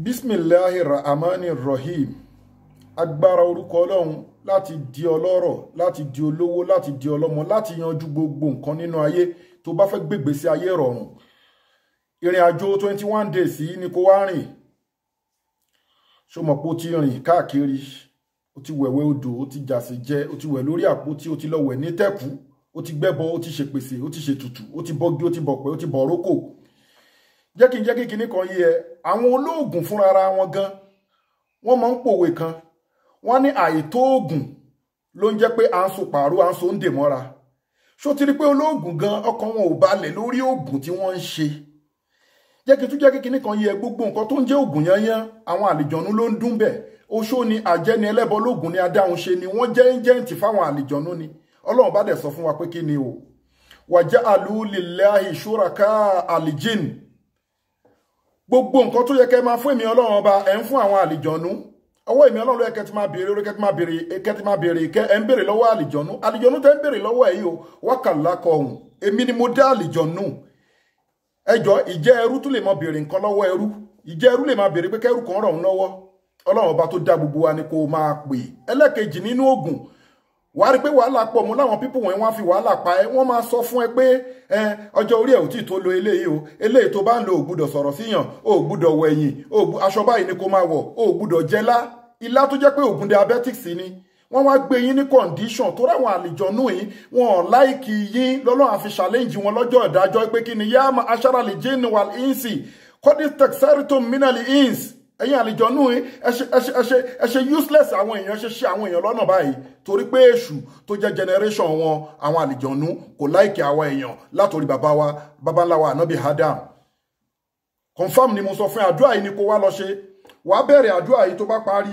bismillahir rahmanir rahim agbára orúkọ ọlọ́run láti di ọlọ́rọ̀ láti di olówó láti di ọlọ́mọ láti yanjú gbogbo nǹkan nínú ayé tó bá fẹ́ gbègbè sí ayé rọrùn ìrìn àjò twenty one days yìí ni kó wá rìn ṣó mọ̀ pé ó ti rìn káàkiri ó ti wẹ̀wẹ̀ odò ó ti jàsè jẹ ó ti wẹ̀ lórí àpótí ó ti lọ wẹ̀ ní tẹ́kù ó ti gbẹ́bọ ó ti ṣèpèsè ó ti ṣètùtù ó ti bọ́gí ó ti bọ̀pẹ́ ó ti bọ̀rókò jẹ́ kí n jẹ́ kí kinní kan yé ẹ àwọn olóògùn fúnra ara wọn gan wọ́n máa ń pòwe kan wọ́n ní àìtó oògùn ló ń jẹ́ pé à ń so pààrọ̀ à ń so ń dè mọ́ra ṣó ti rí pé olóògùn gan ọkàn wọn ò balẹ̀ lórí oògùn tí wọ́n ń ṣe jẹ́ kí tún jẹ́ kí kinní kan yé ẹ gbogbo nǹkan tó ń jẹ́ oògùn yanyan àwọn àlìjọ̀nú ló ń dún bẹ̀ oṣó ni àjẹni ẹlẹ́bọlóògùn ni adáhùn ṣe ni wọ́n jẹ́ ń jẹ́ǹtì fáwọn àlìjọ̀nú ni ọlọ́run bá dẹ̀ sọ fún wa pé kí ni o wàjá àlùlélẹ́ àìṣúra àlìjìn gbogbo nǹkan tó yẹ kẹ́ máa fún èmi ọlọ́run ọba ẹ̀ ń fún àwọn àlìjọ̀nú ọwọ́ èmi ọlọ́run ló yẹ ti máa béèrè orí kẹ́ ti máa béèrè kẹ́ ti máa béèrè kẹ́ ẹ̀ ń lọ́wọ́ tẹ́ ń lọ́wọ́ ẹ̀ yìí o wákàlá kọ èmi ni mo dá àlìjọ̀nú ẹjọ́ ìjẹ́ ẹrú tún lè máa nǹkan lọ́wọ́ ẹrú ìjẹ́ wà á rí pé wàhálà pọ̀ mú láwọn pípù wọ̀nyí wọ́n á fi wàhálà pa ẹ́ wọ́n máa sọ fún ẹ pé ẹ ọjọ́ orí ẹ̀ ò tí ì tó lo eléyìí o eléyìí tó bá ń lo ò gbúdọ̀ sọ̀rọ̀ síyàn ò gbúdọ̀ wọ ẹ̀yìn aṣọ báyìí ni kó máa wọ̀ ò gbúdọ̀ jẹ́lá ilá tó jẹ́ pé oògùn diabetics ni wọ́n wá gbé yín ní condition tó ráwọn àlìjọ́nú yín wọn ò láìkì yín lọ́lọ́run àfi challenge wọn lọ́jọ́ ìdájọ́ pé kí ni yá aṣára lè jẹ́ ni wà ínsì kọ́dí tẹ̀sẹ̀rì tó mìíràn lè ínsì ẹ̀yin àlejò nù ẹ ṣe useless àwọn èèyàn ṣe ṣe àwọn èèyàn lọ́nà báyìí torí pé èṣù tó jẹ́ generation wọn àwọn àlejò nù kò láìkì àwọn èèyàn látòrí bàbá wa bàbá ńlá wa ànábì Adam confam ni mo sọ fún àdúrà yìí ni kó wá lọ ṣe wà á bẹ̀rẹ̀ àdúrà yìí tó bá parí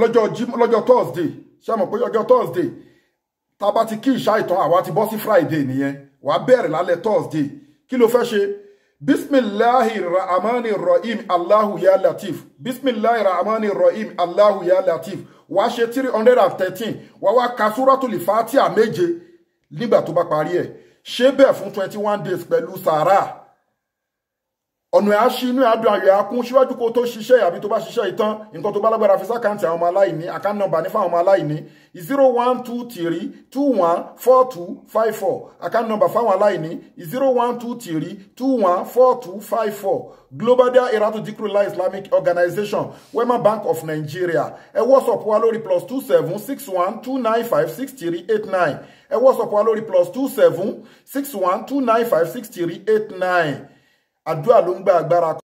lọ́jọ́ Thursday ṣé pé ọjọ́ Thursday tá a bá ti kí ìṣá ìtàn àwa ti bọ́ sí Friday nìyẹn wà á bẹ̀rẹ̀ lálẹ́ Thursday kí ló fẹ́ ṣe bismillahi rahmani rahim allahu ya latif bismillahi rahmani rahim allahu ya latif wàá ṣe three hundred and thirteen wàá wá ka súrọ́tùlì fatia méje nígbà tó bá parí ẹ̀ ṣe bẹ́ẹ̀ fún twenty one days pẹ̀lú sàárà ọ̀nà ẹ̀ á ṣí inú ẹ̀ á dùn ayọ̀ ẹ̀ á kún síwájú kó tó ṣiṣẹ́ àbí tó bá ṣiṣẹ́ ìtàn nǹkan tó bá lágbára fi sákàǹtì àwọn ọmọ aláìní account number ní fáwọn ọmọ aláìní zero one two three two one four two five four account number fáwọn aláìní zero one two three two one four two five four Global Irato, Dhikrlahi Islamic Organization Wema Bank of Nigeria ẹ WhatsApp wa lórí plus two seven six one two nine five six three eight nine ẹ WhatsApp wa lórí plus two seven six one two nine five six three eight nine àdúrà ló ń gba agbára